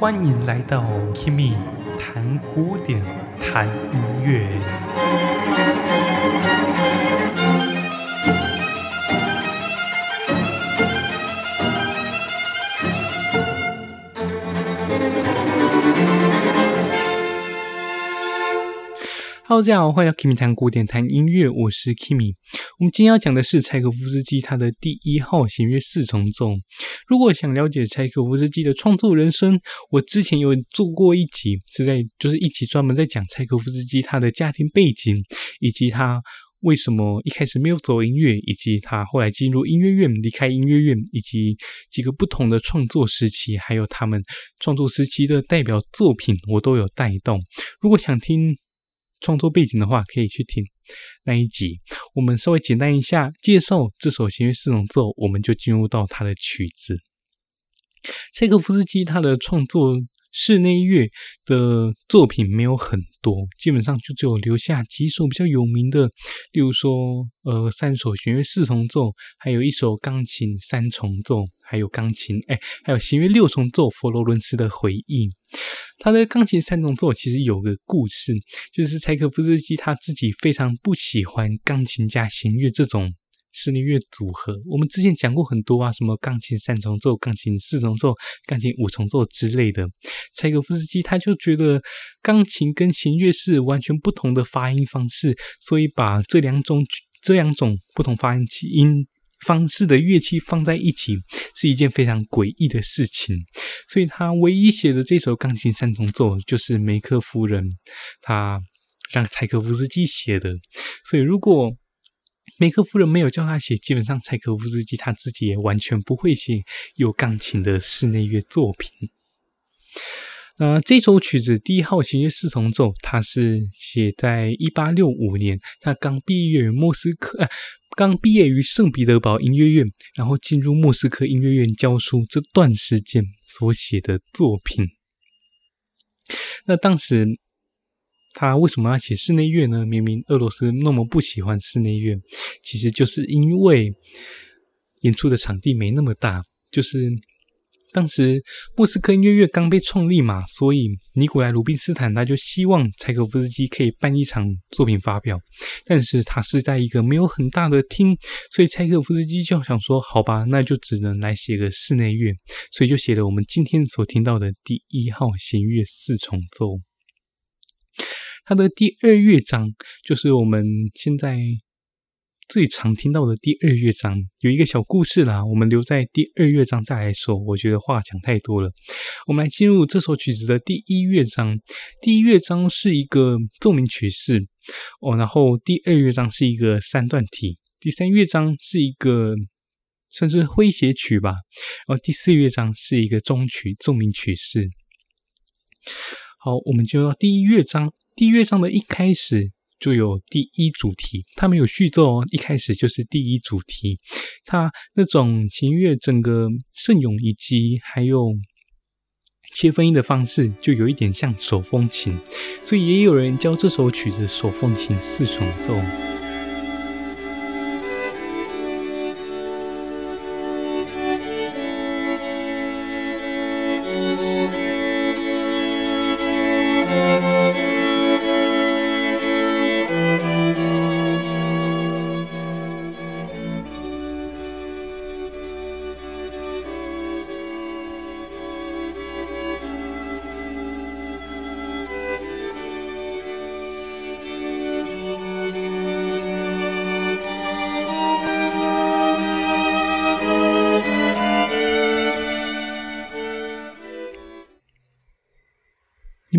歡迎來到 Kimi 談古典、談音樂。大家好，歡迎來到 Kimi 談古典，談音樂，我是 Kimi。我們今天要講的是柴可夫斯基他的第一號弦樂四重奏。如果想了解柴可夫斯基的創作人生，我之前有做過一集，是在就是一集專門在講柴可夫斯基他的家庭背景，以及他為什麼一開始沒有走音樂，以及他後來進入音樂院、離開音樂院，以及幾個不同的創作時期，還有他們創作時期的代表作品，我都有帶動。如果想聽，創作背景的話，可以去聽那一集。我們稍微簡單一下介紹這首弦樂四重奏，我們就進入到它的曲子。柴可夫斯基他的創作。室內樂的作品沒有很多，基本上就只有留下幾首比較有名的，例如說，呃，三首弦樂四重奏，還有一首鋼琴三重奏，還有鋼琴，哎、欸，還有弦樂六重奏《佛羅倫斯的回憶》。他的鋼琴三重奏其實有個故事，就是柴可夫斯基他自己非常不喜歡鋼琴加弦樂這種。室內樂組合，我們之前講過很多啊，什麼鋼琴三重奏、鋼琴四重奏、鋼琴五重奏之類的。柴可夫斯基他就覺得鋼琴跟弦樂是完全不同的發音方式，所以把這兩種這兩種不同發音器音方式的樂器放在一起是一件非常詭異的事情。所以他唯一寫的這首鋼琴三重奏就是梅克夫人，他讓柴可夫斯基寫的。所以如果梅克夫人沒有叫他寫，基本上柴可夫斯基他自己也完全不會寫有鋼琴的室內樂作品。呃，這首曲子《第一號弦樂四重奏》，他是寫在一八六五年，他剛畢業於莫斯科，呃，剛畢業於聖彼得堡音樂院，然後進入莫斯科音樂院教書這段時間所寫的作品。那當時。他為什麼要寫室內樂呢？明明俄羅斯那麼不喜歡室內樂，其實就是因為演出的場地沒那麼大。就是當時莫斯科音樂院剛被創立嘛，所以尼古萊·魯賓斯坦他就希望柴可夫斯基可以辦一場作品發表，但是他是在一個沒有很大的廳，所以柴可夫斯基就想說：“好吧，那就只能來寫個室內樂。”所以就寫了我們今天所聽到的第一號弦樂四重奏。它的第二樂章就是我們現在最常聽到的第二樂章，有一個小故事啦，我們留在第二樂章再來說。我覺得話講太多了，我們來進入這首曲子的第一樂章。第一樂章是一個奏鳴曲式哦，然後第二樂章是一個三段體，第三樂章是一個算是詼諧曲吧，然後第四樂章是一個中曲奏鳴曲式。好，我們就要第一樂章。第樂章，的一開始就有第一主題，它沒有序奏哦，一開始就是第一主題。它那種弦樂整個聖詠，以及還有切分音的方式，就有一點像手風琴，所以也有人叫這首曲子手風琴四重奏。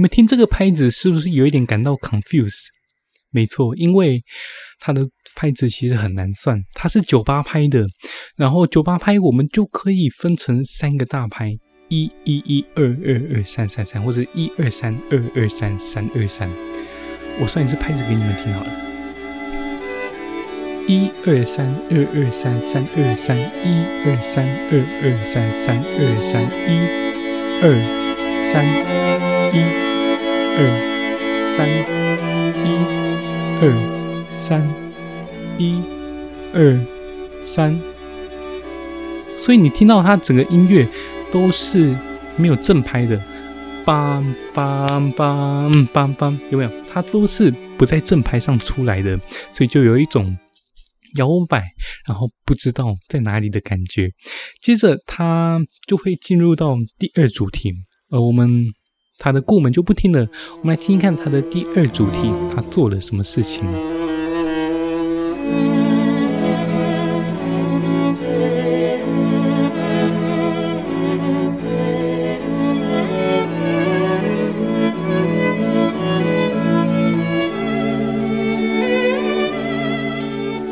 你們聽這個拍子是不是有一點感到 confuse？沒錯，因為它的拍子其實很難算。它是九八拍的，然後九八拍我們就可以分成三個大拍：一一一二二二三三三，或者一二三二二三三二三。我算一次拍子給你們聽好了：一二三二二三三二三一二三二二三三二三一二三一。二三一，二三一，二三。所以你聽到它整個音樂都是沒有正拍的，梆梆梆梆梆，有沒有？它都是不在正拍上出來的，所以就有一種搖擺，然後不知道在哪裡的感覺。接着它就會進入到第二主題，呃，我們。他的過門就不聽了，我們來聽聽看他的第二主題，他做了什麼事情？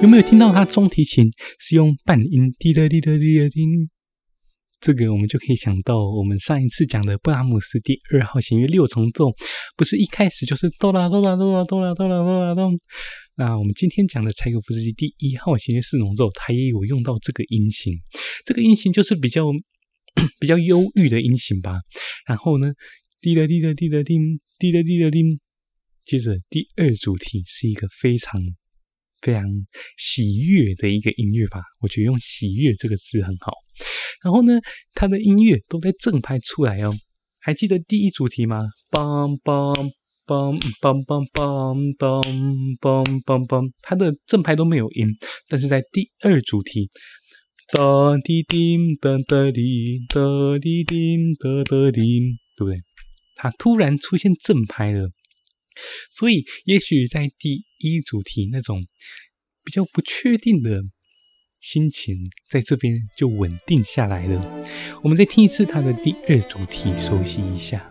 有沒有聽到他中提琴是用半音，滴答滴答滴答滴。這個我們就可以想到，我們上一次講的布拉姆斯第二號弦樂六重奏，不是一開始就是哆啦哆啦哆啦哆啦哆啦哆啦哆？那我們今天講的柴可夫斯基第一號弦樂四重奏，它也有用到這個音型。這個音型就是比較 比較憂鬱的音型吧。然後呢，滴答滴答滴答滴，滴答滴答滴，接着第二主題是一個非常。非常喜悅的一個音樂吧，我覺得用“喜悅”這個字很好。然後呢，他的音樂都在正拍出來哦。還記得第一主題嗎？梆梆梆梆梆梆梆梆梆梆，他的正拍都沒有音，但是在第二主題，得滴叮得得哩得滴叮得得，對不對？他突然出現正拍了。所以，也許在第一主題那種比較不確定的心情，在這邊就穩定下來了。我們再聽一次他的第二主題，熟悉一下。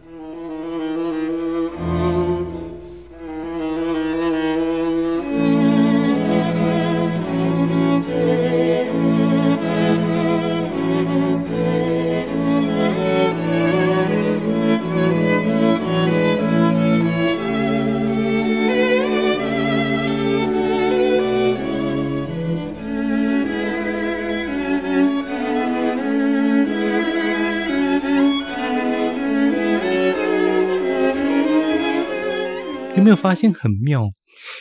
沒有發現很妙，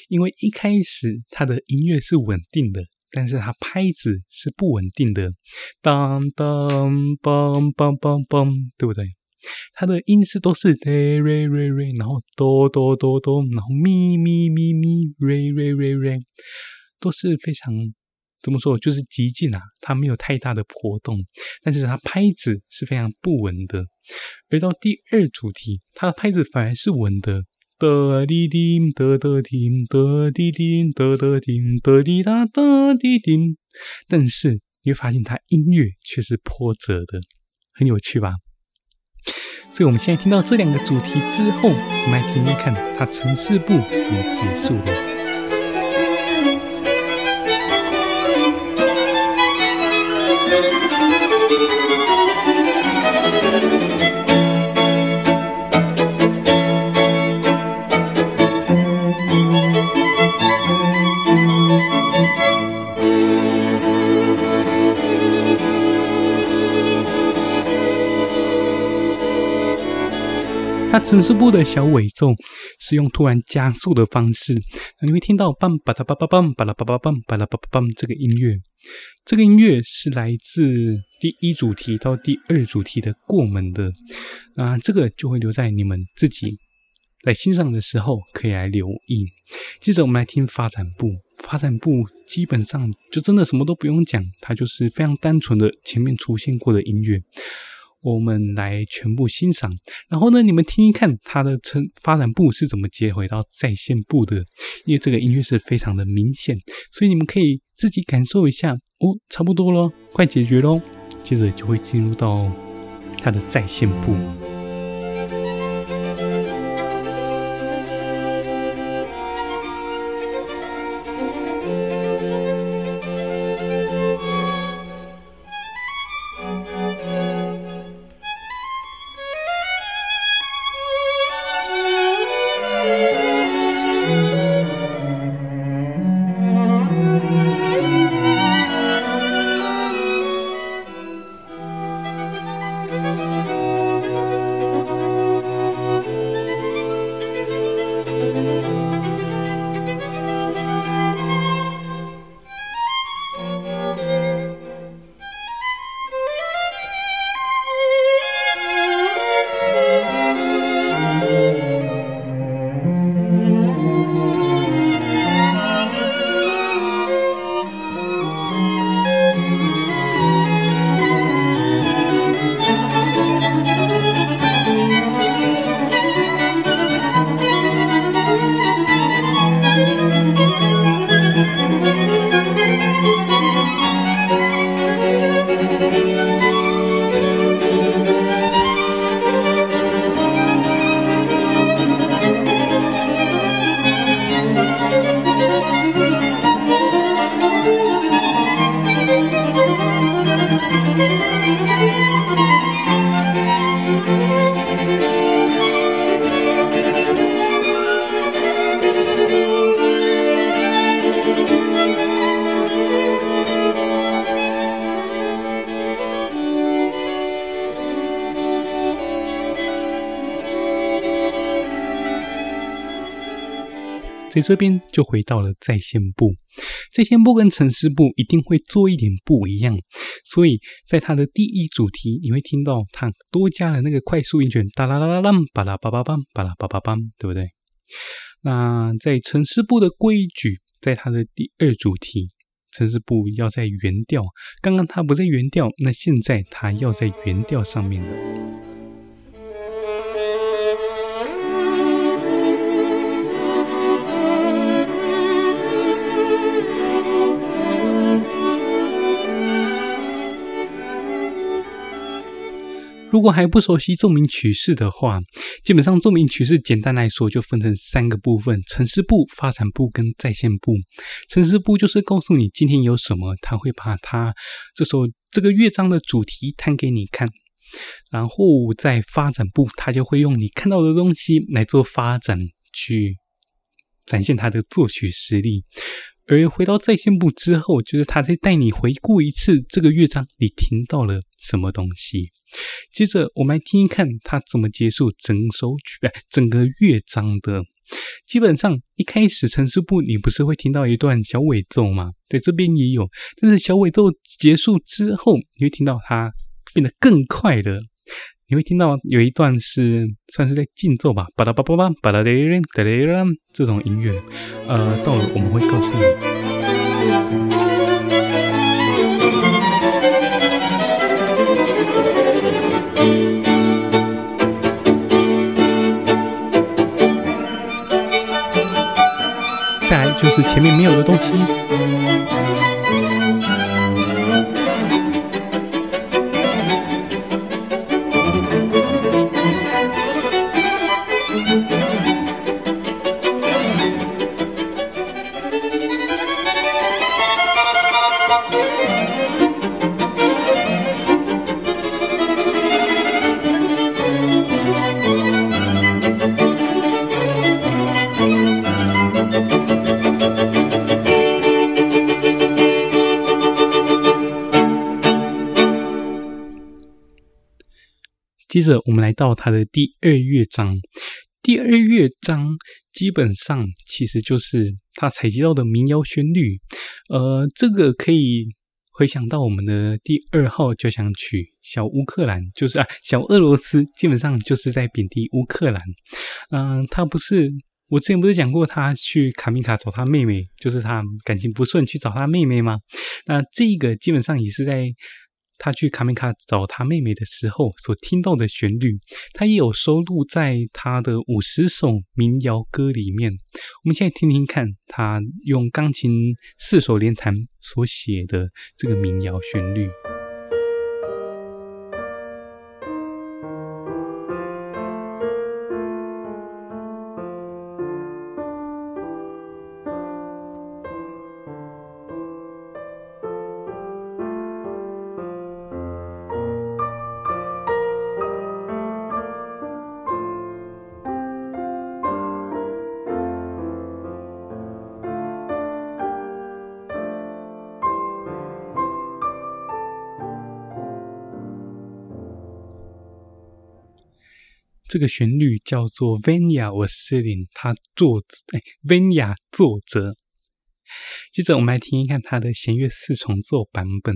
因為一開始他的音樂是穩定的，但是他拍子是不穩定的，當當當當當當，對不對？他的音色都是嘚雷雷雷，然後哆哆哆哆，然後咪咪咪咪，瑞瑞瑞瑞，都是非常，怎麼說，就是極盡啊，它沒有太大的波動，但是它拍子是非常不穩的。而到第二主題，它的拍子反而是穩的。噠嘀嘀噠噠嘀噠嘀嘀噠噠嘀噠嘀噠噠噠嘀，但是你會發現它，音樂卻是波折的，很有趣吧？所以我們現在聽到這兩個主題之後，我們來聽聽看它呈示部怎麼結束的。呈示部的小尾奏是用突然加速的方式，那你會聽到“棒巴噠巴啪棒”“巴拉巴巴棒”“巴拉巴巴棒”這個音樂。這個音樂是來自第一主題到第二主題的過門的，啊，這個就會留在你們自己來欣賞的時候可以來留意。接着我們來聽發展部，發展部基本上就真的什麼都不用講，它就是非常單純的前面出現過的音樂。我們來全部欣賞，然後呢，你們聽一看它的成發展部是怎麼接回到再現部的，因為這個音樂是非常的明顯，所以你們可以自己感受一下。哦，差不多了，快解決咯，接着就會進入到它的再現部。在這邊就回到了在線部在線部跟城市部一定會做一點不一樣，所以在它的第一主題，你會聽到它多加了那個快速音圈，噠啦啦啦啦，巴拉巴拉巴巴拉巴巴巴，巴，巴，巴，巴，巴，對不對？那在城市部的規矩，在它的第二主題，城市部要在原調，剛剛它不在原調，那現在它要在原調上面了。如果還不熟悉奏鳴曲式的話，基本上奏鳴曲式簡單來說就分成三個部分：呈示部、發展部跟再現部。呈示部就是告訴你今天有什麼，他會把他這首這個樂章的主題彈給你看。然後在發展部，他就會用你看到的東西來做發展，去展現他的作曲實力。而回到再現部之後，就是他在帶你回顧一次這個樂章，你聽到了什麼東西。接着我們來聽一看它怎麼結束整首曲，整個樂章的。基本上一開始呈示部你不是會聽到一段小尾奏嘛？對，這邊也有。但是小尾奏結束之後，你會聽到它變得更快的。你會聽到有一段是算是在靜奏吧，巴拉巴拉巴拉，巴拉噠噠噠噠噠，這種音樂。呃，到了我們會告訴你。就是前面沒有的東西。接着我們來到他的第二樂章，第二樂章基本上其實就是他採集到的民謠旋律，呃，這個可以回想到我們的第二號交響曲《小烏克蘭》，就是啊，小俄羅斯，基本上就是在貶低烏克蘭。嗯，他不是我之前不是講過，他去卡米卡找他妹妹，就是他感情不順去找他妹妹嗎？那這個基本上也是在。他去卡梅卡找他妹妹的時候所聽到的旋律，他也有收錄在他的五十首民謠歌裡面。我們現在聽聽看，他用鋼琴四手聯彈所寫的這個民謠旋律。這個旋律叫做《Vanya was sitting》，它作者哎，《Vanya》作者。接着我們來聽一看它的弦樂四重奏版本，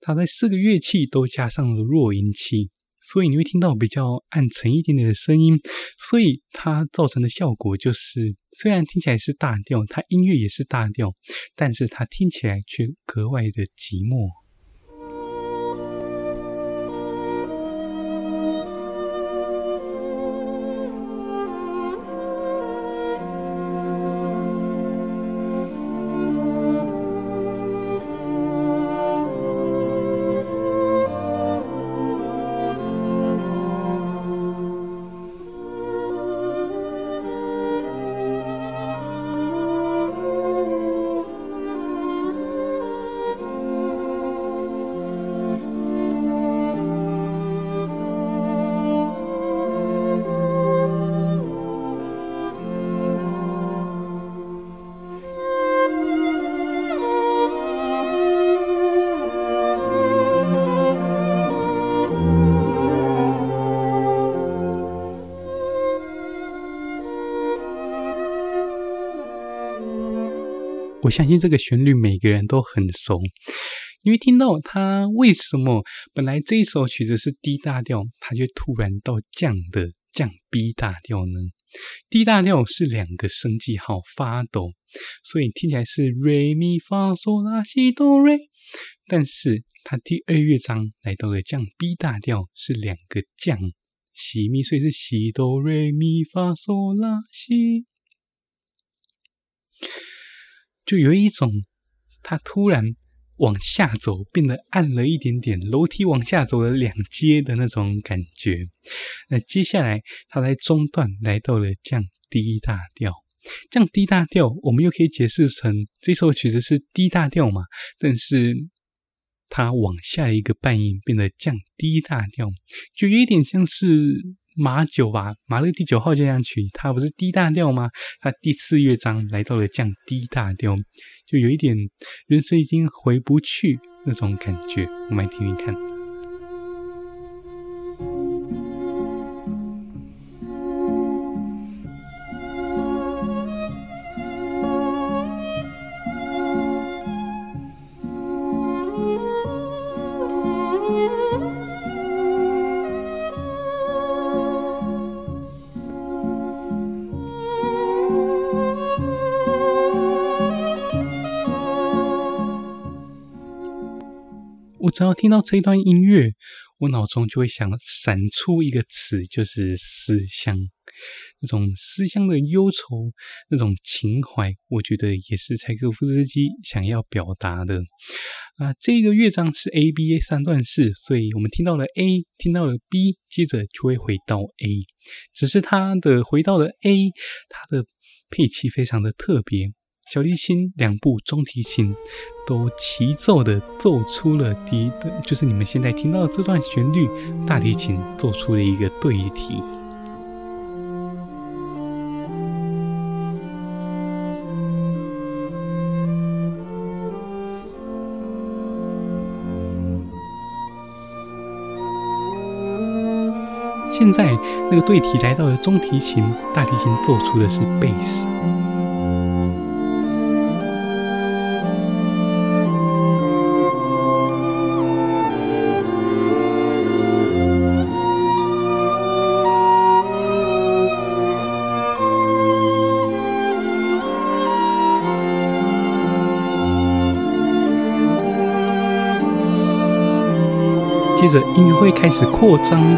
它在四個樂器都加上了弱音器，所以你會聽到比較暗沉一點點的聲音。所以它造成的效果就是，雖然聽起來是大調，它音樂也是大調，但是它聽起來卻格外的寂寞。我相信這個旋律每個人都很熟。你會聽到它為什麼本來這一首曲子是 D 大調，它就突然到降的降 B 大調呢？D 大調是兩個升記號 Fa Do，所以聽起來是 Re Mi Fa So La Si Do Re 但是它第二樂章來到了降 B 大調，是兩個降 Si Mi，所以是 Si Do Re Mi Fa So La Si。就有一種，它突然往下走，變得暗了一點點，樓梯往下走了兩階的那種感覺。那接下來，它在中段，來到了降 D 大調。降 D 大調，我們又可以解釋成這首曲子是 D 大調嘛，但是它往下一個半音，變得降 D 大調，就有一點像是。馬九吧，馬勒第九號交響曲，它不是 D 大調嗎？它第四樂章來到了降 D 大調，就有一點人生已經回不去那種感覺，我們來聽聽看。只要聽到這一段音樂，我腦中就會想閃出一個詞，就是思鄉。那種思鄉的憂愁，那種情懷，我覺得也是柴可夫斯基想要表達的。啊、呃，這個樂章是 A B A 三段式，所以我們聽到了 A，聽到了 B，接着就會回到 A。只是它的回到了 A，它的配器非常的特別。小提琴、兩部中提琴都齊奏的奏出了第一段，就是你們現在聽到的這段旋律。大提琴奏出了一個對題。現在那個對題來到了中提琴，大提琴奏出的是貝斯。接着音樂會開始擴張，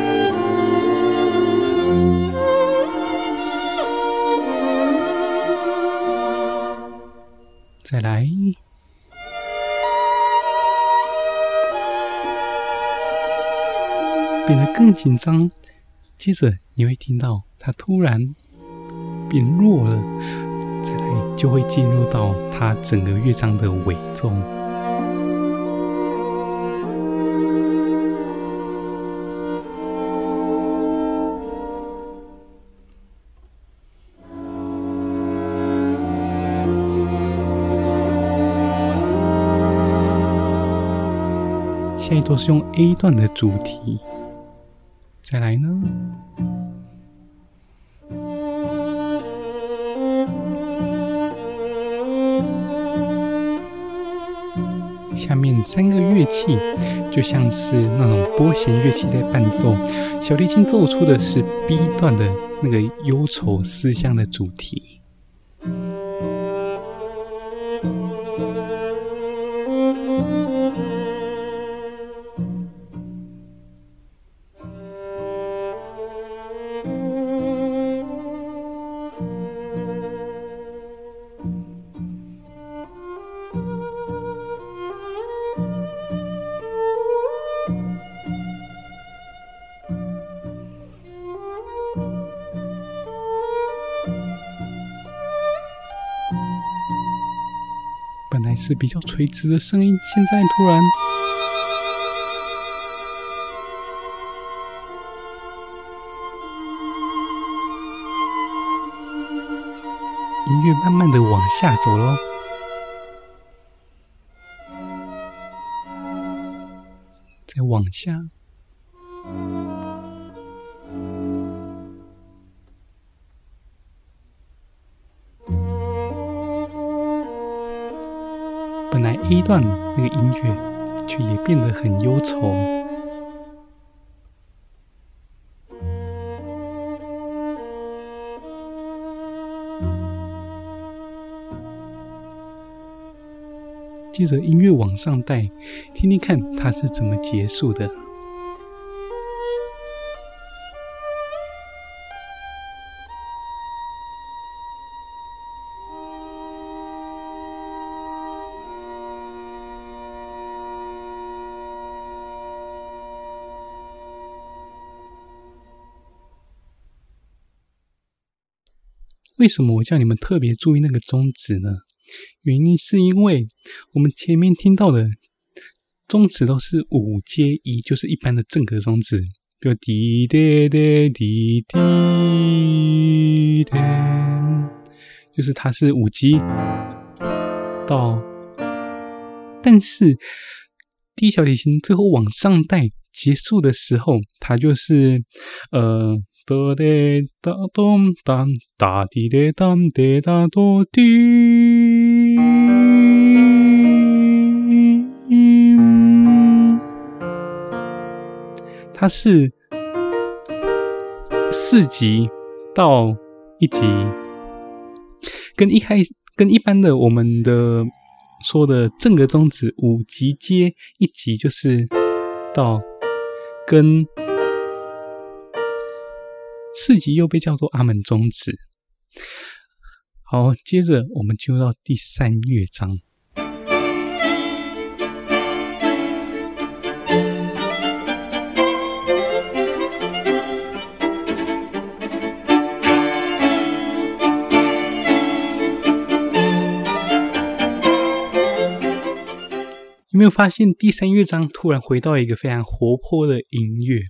再來變得更緊張。接着你會聽到他突然變弱了，再來就會進入到他整個樂章的尾奏。現在都是用 A 段的主題。再來呢，下面三個樂器就像是那種撥弦樂器在伴奏，小提琴奏出的是 B 段的那個憂愁思鄉的主題。比較垂直的聲音，現在突然，音樂慢慢的往下走了，再往下。第一段那個音樂，卻也變得很憂愁。接着音樂往上帶，聽聽看它是怎麼結束的。為什麼我叫你們特別注意那個終止呢？原因是因為我們前面聽到的終止都是五級一，就是一般的正格終止。就滴滴滴滴滴，就是它是五級到，但是第一小提琴最後往上帶結束的時候，它就是呃。哆來哆哆咪噠噠咪來噠咪噠哆，它是四級到一級，跟一開跟一般的我們的說的正格終止五級接一級就是到根。四級又被叫做阿門終止。好，接着我們進入到第三樂章。有沒有發現第三樂章突然回到一個非常活潑的音樂？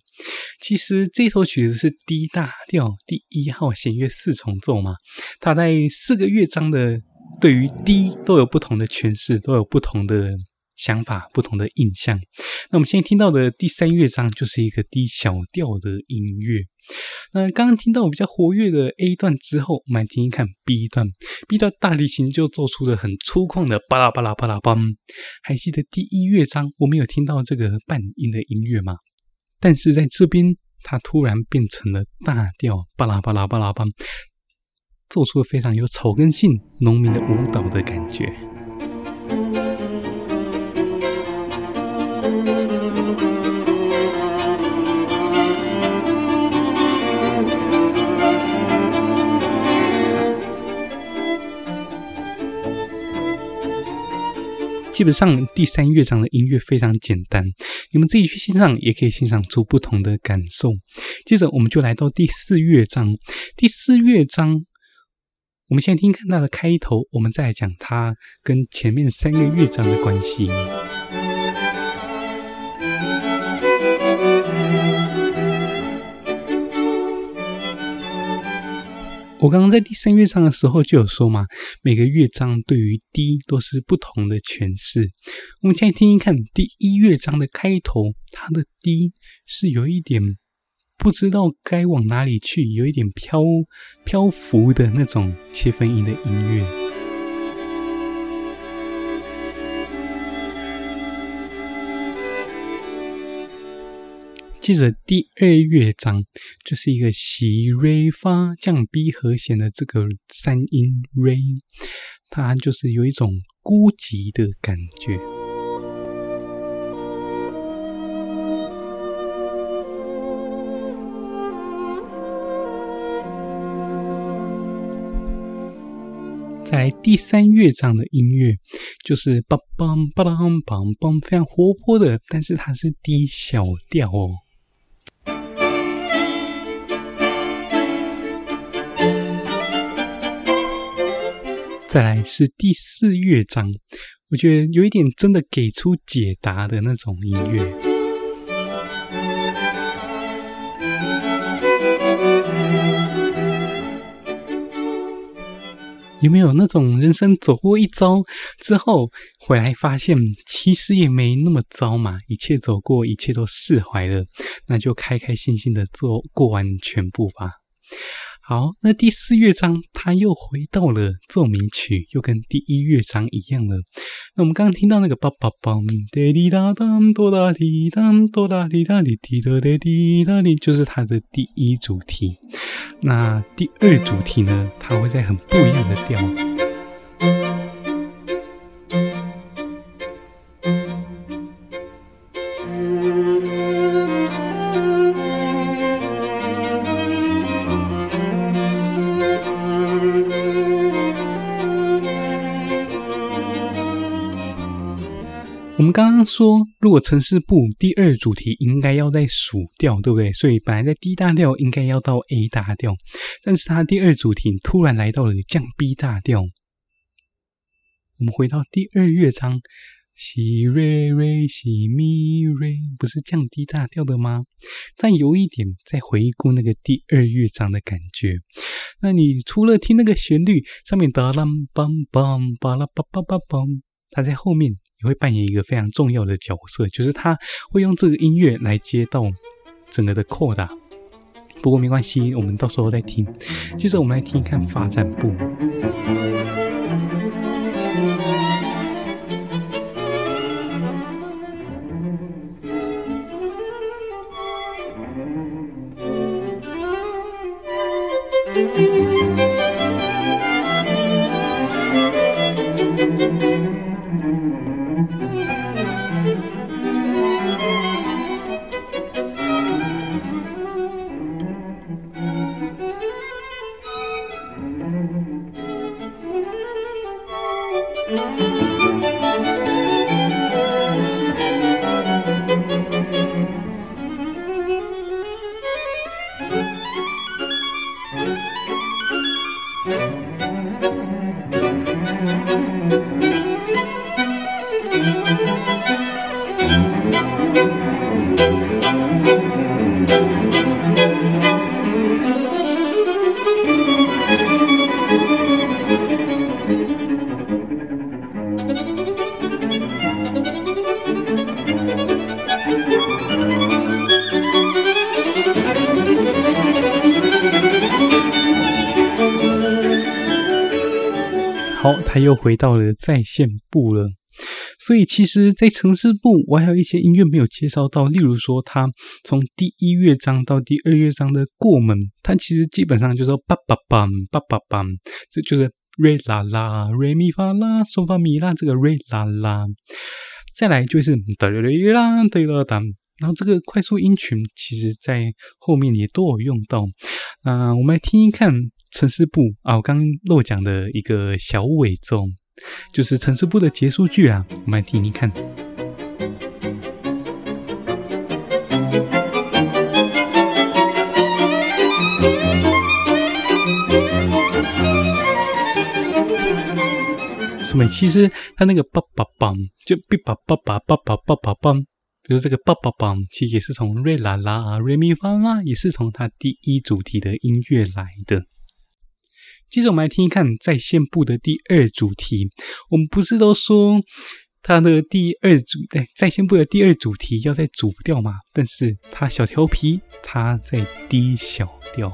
其實這一首曲子是 D 大調第一號弦樂四重奏嘛，它在四個樂章的對於 D 都有不同的詮釋，都有不同的想法、不同的印象。那我們現在聽到的第三樂章就是一個 D 小調的音樂。那剛剛聽到我比較活躍的 A 段之後，我們來聽一看 B 段。B 段大提琴就奏出了很粗獷的巴拉巴拉巴拉邦。還記得第一樂章我們有聽到這個半音的音樂嗎？但是在這邊，它突然變成了大調，巴拉巴拉巴拉巴，奏出了非常有草根性農民的舞蹈的感覺。基本上第三樂章的音樂非常簡單，你們自己去欣賞也可以欣賞出不同的感受。接着我們就來到第四樂章。第四樂章，我們先聽看它的開頭，我們再來講它跟前面三個樂章的關係。我剛剛在第三樂章的時候就有說嘛，每個樂章對於 D 都是不同的詮釋。我們現在聽聽看第一樂章的開頭，它的 D 是有一點不知道該往哪裡去，有一點飄飄浮的那種切分音的音樂。接着第二樂章就是一個西瑞發降 B 和弦的這個三音#，瑞，它就是有一種孤寂的感覺。在第三樂章的音樂就是邦邦邦邦邦，非常活潑的，但是它是低小調哦。再來是第四樂章，我覺得有一點真的給出解答的那種音樂。有沒有那種人生走過一遭之後，回來發現其實也沒那麼糟嘛，一切走過，一切都釋懷了，那就開開心心的做過完全部吧。好，那第四樂章，它又回到了奏鳴曲，又跟第一樂章一樣了。那我們剛剛聽到那個 bababom，di da di，da do da di da do da di da di di da di，就是它的第一主題。那第二主題呢，它會在很不一樣的調。說，如果呈示部第二主題應該要在屬調，對不對？所以本來在 D 大調應該要到 A 大調，但是它第二主題突然來到了降 B 大調。我們回到第二樂章，西瑞瑞西咪瑞，不是降 D 大調的嗎？但有一點，在回顧那個第二樂章的感覺，那你除了聽那個旋律上面噠啦梆梆噠啦梆梆梆，它在後面。也會扮演一個非常重要的角色，就是他會用這個音樂來接到整個的擴大。不過沒關係，我們到時候再聽。接着我們來聽看看發展部。又回到了再現部了，所以其實，在呈示部我還有一些音樂沒有介紹到，例如說，它從第一樂章到第二樂章的過門，它其實基本上就是巴巴梆巴巴梆，這就是瑞拉拉、瑞米發啦索發米拉這個瑞拉拉，再來就是噠啦噠啦，然後這個快速音群其實在後面也都有用到，呃，那我們來聽一看。呈示部啊，我剛剛漏講的一個小尾奏，就是呈示部的結束句啊，我們來聽聽看。什麼？ 其實他那個 b a 棒，就 b a b a b a b a 棒，a 比如這個 b a 棒，其實也是從瑞拉拉啊，瑞米發啊，也是從他第一主題的音樂來的。接着我們來聽一看再現部的第二主題。我們不是都說它的第二主哎，再現部的第二主題要在主調嘛？但是它小調皮，它在 D 小調。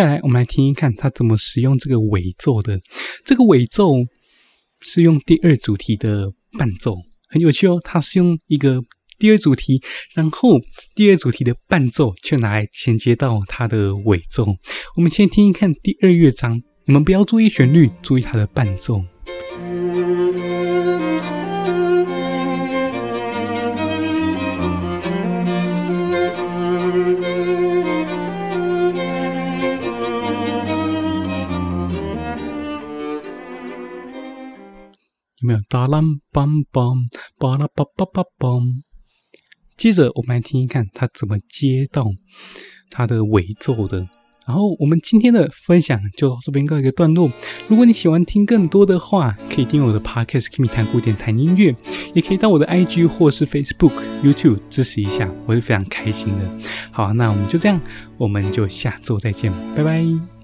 再來，我們來聽一看他怎麼使用這個尾奏的。這個尾奏是用第二主題的伴奏，很有趣哦。他是用一個第二主題，然後第二主題的伴奏，卻拿來銜接到他的尾奏。我們先聽一看第二樂章，你們不要注意旋律，注意他的伴奏。有沒有，噠啦梆梆噠啦巴巴巴。接着我們來聽聽看他怎麼接到他的尾奏的。然後我們今天的分享就到這邊告一個段落。如果你喜歡聽更多的話，可以訂閱我的 Podcast《給你彈古典彈音樂》，也可以到我的 IG 或是 Facebook、YouTube 支持一下，我會非常開心的。好，那我們就這樣，我們就下週再見，拜拜。